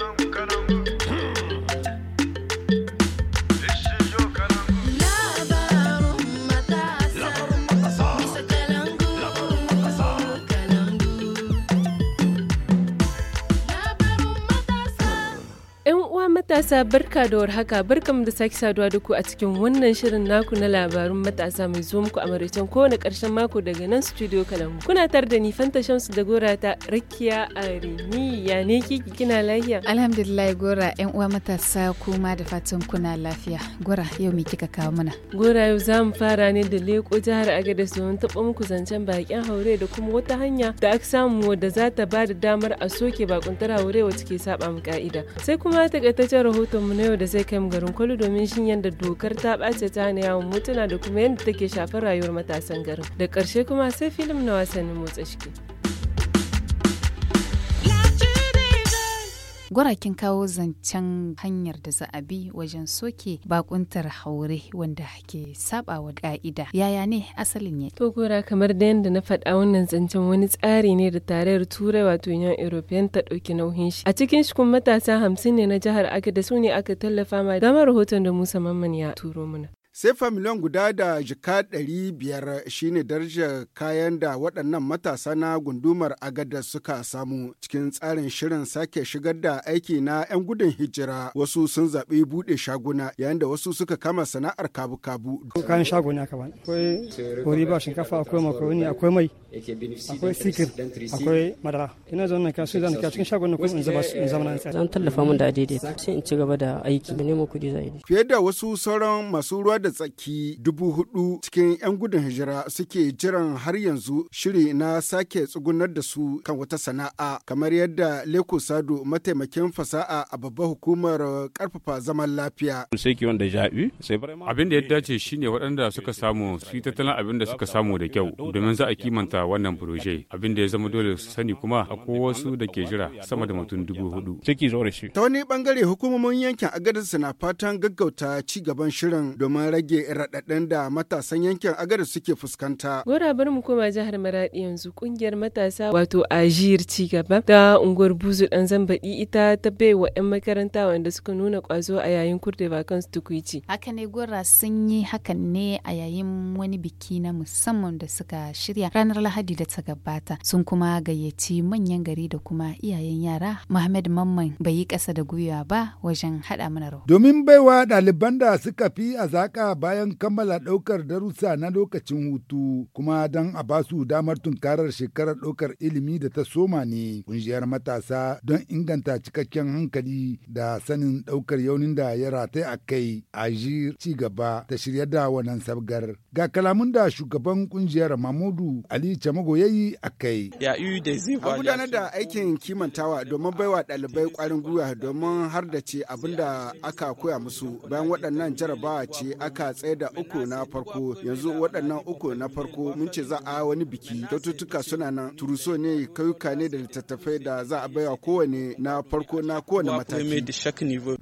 gonna. matasa barka da warhaka barkamu da sake saduwa da ku a cikin wannan shirin naku na labarun matasa mai zo muku a maraicen kowane karshen mako daga nan studio mu. kuna tar da ni fanta shamsu da gora ta rakiya arimi ya ne kiki kina lafiya alhamdulillah gora yan uwa matasa kuma da fatan kuna lafiya gora yau me kika kawo mana gora yau za mu fara ne da leko jihar agadez domin taba muku zancen bakin haure da kuma wata hanya da aka samu wadda za ta ba da damar a soke bakuntar haure wacce ke saba mu ka'ida sai kuma takaitaccen sai mu na yau da zai kai garin Kwalo domin shin yadda dokar ta ɓace ta hana yawon mutuna da kuma yadda take shafar rayuwar matasan garin. Da ƙarshe kuma sai filim na wasannin motsa ciki. gwarakin kawo zancen hanyar da za a bi wajen soke bakuntar haure wanda ke saba wa ka'ida yaya ne asalin ya to gora kamar da yadda na faɗa wannan zancen wani tsari ne da tarayyar turai wato yan european ta ɗauki nauyin shi a cikin shi matasa hamsin ne na jihar agada su ne aka tallafa ma gama rahoton da musa mamman ya turo mana Sefa miliyan guda da jika ɗari biyar shine darajar kayan da waɗannan matasa na gundumar agadar suka samu cikin tsarin shirin sake shigar da aiki na 'yan gudun hijira wasu sun zaɓi buɗe shaguna yayin da wasu suka kama sana'ar kabu-kabu. Kayan shaguna ka Akwai kori ba shinkafa akwai makaroni akwai mai akwai sikir akwai madara. Ina zo na kasu zan cikin shaguna kuma in zama in zama Zan tallafa min da daidai sai in ci gaba da aiki. Nemo kudi zai. Fiye da wasu sauran masu ruwa da tsaki dubu hudu cikin 'yan gudun hijira suke jiran har yanzu shiri na sake tsugunar da su kan wata sana'a kamar yadda Leko Sado mataimakin fasa'a a babbar hukumar karfafa zaman lafiya. Abin da ya dace shine waɗanda suka samu su tattalin abin da suka samu da kyau domin za a kimanta wannan furoje abin da ya zama dole su sani kuma a wasu da ke jira sama da mutum dubu hudu. Ta wani bangare hukumomin yankin agadar na fatan gaggauta ci gaban shirin domin rage raɗaɗɗen da matasan yankin agar suke fuskanta. Gora bar mu koma jihar Maradi yanzu kungiyar matasa wato Ajiyar ci gaba da unguwar Buzu dan Zambaɗi ita ta baiwa 'yan makaranta wanda suka nuna kwazo a yayin kurde su tukuici. Haka ne gora sun yi hakan ne a yayin wani biki na musamman da suka shirya ranar Lahadi da ta gabata sun kuma gayyaci manyan gari da kuma iyayen yara Muhammad Mamman bai yi kasa da gwiwa ba wajen haɗa mana rawa Domin baiwa ɗaliban da suka fi a zaka haka bayan kammala ɗaukar darussa na lokacin hutu kuma don a ba su damar tunkarar shekarar ɗaukar ilimi da ta soma ne kungiyar matasa don inganta cikakken hankali da sanin ɗaukar yaunin da ya ratai a kai a ji ci gaba ta shirya da wannan sabgar. Ga kalamun da shugaban kungiyar Mamudu Ali Chamago ya yi a kai. An gudanar da aikin kimantawa domin baiwa ɗalibai ƙwarin gwiwa domin har da ce abin da aka koya musu bayan waɗannan jarabawa ce aka da uku na farko yanzu waɗannan uku na farko mun ce za a wani biki kyaututtuka suna nan turuso ne kayuka ne da littattafai da za a baiwa kowane na farko na kowane mataki.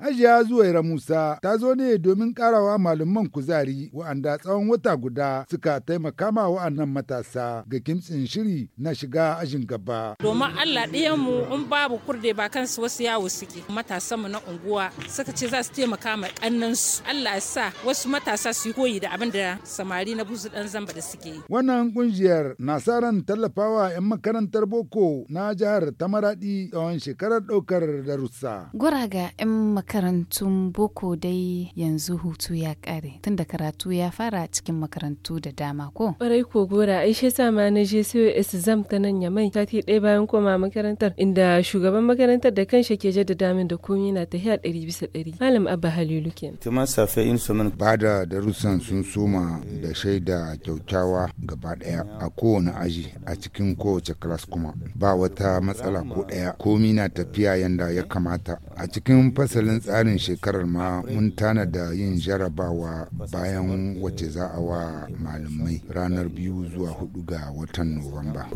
Hajiya Zuwaira Musa ta zo ne domin karawa malaman kuzari wa'anda tsawon wata guda suka taimaka ma wa'annan matasa ga kimtsin shiri na shiga ajin gaba. Domin Allah mu in babu kurde ba kansu wasu yawo suke matasanmu na unguwa suka ce za su taimaka ma ƙannansu Allah ya sa wasu matasa su yi koyi da abin da samari na buzu dan zamba da suke yi. Wannan kungiyar na sa ran tallafawa 'yan makarantar boko na jihar tamaradi a tsawon shekarar ɗaukar darussa. ga 'yan makarantun boko dai yanzu hutu ya ƙare tunda karatu ya fara cikin makarantu da dama ko. Ƙwarai ko gora ai shi sa ma na je COS zam ta nan ya mai sati ɗaya bayan koma makarantar inda shugaban makarantar da kanshi ke jaddada min da komi na ta hiya ɗari bisa ɗari. Malam Abba Halilu kenan. Tuma safe in su min. da darussan sun soma da shaida kyaukyawa gaba ɗaya a kowane aji a cikin kowace class kuma ba wata matsala ko ɗaya komi na tafiya yanda ya kamata a cikin fasalin tsarin shekarar ma mun tana da yin jarabawa bayan wace za a wa malamai ranar biyu zuwa hudu ga watan nuwamba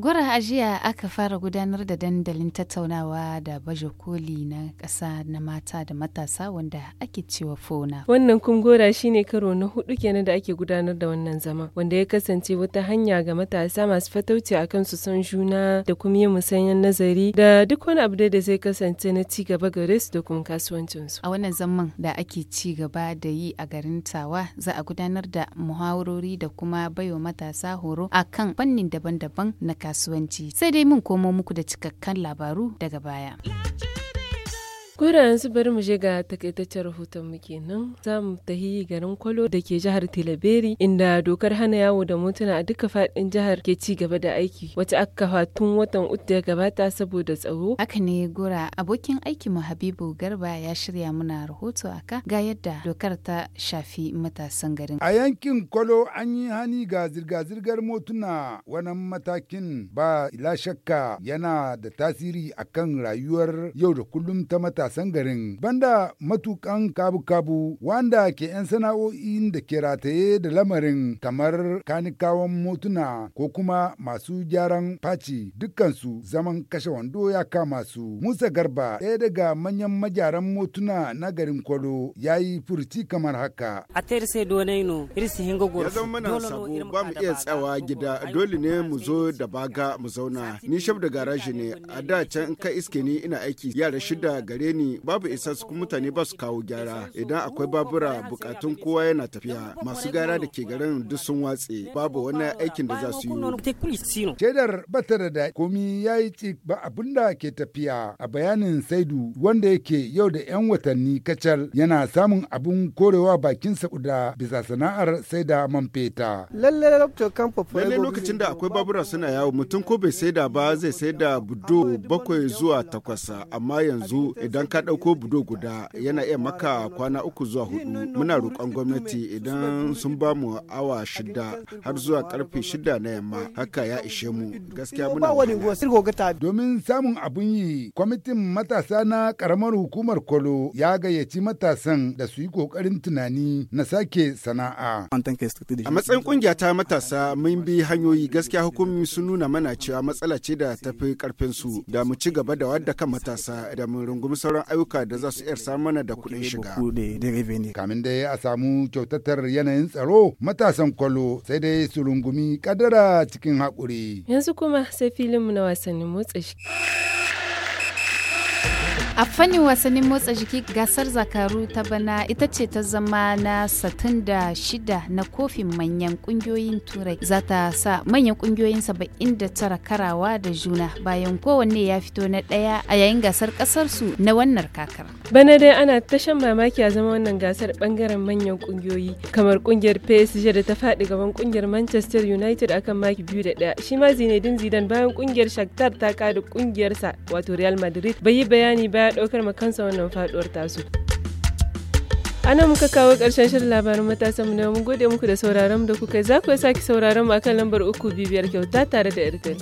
gwara ajiya aka fara gudanar da dandalin tattaunawa da baje koli na ƙasa na mata da matasa wanda ake cewa fona tattauna. Wannan shi shine karo na hudu kenan da ake gudanar da wannan zama wanda ya kasance wata hanya ga matasa masu fatauci akan su san juna da kuma yin musanyen nazari da duk wani abu da zai kasance na ci gaba gare su da kuma kasuwancin A wannan zaman da ake ci gaba da yi a garin Tawa za a gudanar da muhawarori da kuma baiwa matasa horo a kan fannin daban-daban na kasuwanci. Sai dai mun komo muku da cikakken labaru daga baya. Kura yanzu bari mu je ga takaitaccen rahoton mu kenan. Za mu tahi garin Kwalo da ke jihar Tilaberi inda dokar hana yawo da motuna a duka fadin jihar ke ci gaba da aiki wacce aka kafa tun watan uku da gabata saboda tsaro. Haka ne gora abokin aiki mu Habibu Garba ya shirya muna rahoto aka ga yadda dokar ta shafi matasan garin. A yankin Kwalo an yi hani ga zirga-zirgar motuna wannan matakin ba ila shakka yana da tasiri akan rayuwar yau da kullum ta mata matasan garin banda matukan kabu-kabu wanda ke 'yan sana'o'in da ke rataye da lamarin kamar kanikawan motuna ko kuma masu gyaran faci dukansu zaman kashe wando ya kama su. Musa Garba daya daga manyan magyaran motuna na garin Kwado ya yi furci kamar haka. A sai irisi hingo Ya zama mana sabo ba mu iya tsawa gida dole ne mu zo da baga mu zauna. Ni shaf da garaji ne a da can ka iske ni ina aiki yara shida gare gini babu isassun mutane ba su kawo gyara idan akwai babura bukatun kowa yana tafiya masu gyara da ke garin duk sun watse babu wani aikin da za su yi. Shaidar ta da komi ya yi ci ba abin da ke tafiya a bayanin Saidu wanda yake yau da 'yan watanni kacal yana samun abin korewa sa guda bisa sana'ar saida man feta. Lallai lokacin da akwai babura suna yawo mutum ko bai saida ba zai saida budo bakwai zuwa takwas amma yanzu idan idan ka ɗauko budo guda yana iya maka kwana uku zuwa hudu muna roƙon gwamnati idan sun ba mu awa shida har zuwa karfe shida na yamma haka ya ishe mu gaskiya muna domin samun abun yi kwamitin matasa na karamar hukumar kwalo ya gayyaci matasan da su yi kokarin tunani na sake sana'a a matsayin kungiya ta matasa mun bi hanyoyi gaskiya hukumomi sun nuna mana cewa matsala ce da tafi karfin su da mu ci gaba da wadda kan matasa da mu rungumi sauran sauran ayyuka da za su iya samar mana da kuɗin shiga. Kamin dai a samu kyautatar yanayin tsaro matasan kwallo sai dai su rungumi kadara cikin haƙuri. Yanzu kuma sai filin mu na wasannin motsa shi. A fannin wasannin motsa jiki gasar zakaru ta bana ita ce ta zama na 66 na kofin manyan kungiyoyin turai za ta sa manyan kungiyoyin 79 karawa da juna bayan kowanne ya fito na ɗaya a yayin gasar kasar na wannan kakar. Bana dai ana ta shan mamaki a zama wannan gasar bangaren manyan kungiyoyi kamar kungiyar PSG da ta faɗi gaban kungiyar Manchester United akan maki biyu da ɗaya shi ma Zinedine Zidane bayan kungiyar Shakhtar ta kada kungiyarsa wato Real Madrid bai yi bayani ba ya ɗaukar makansa wannan faɗuwar tasu. nan muka kawo ƙarshen shirin labarin matasan mu na mun gode muku da sauraron da kuka za ku sake sauraron mu akan lambar uku bibiyar kyauta tare da irtel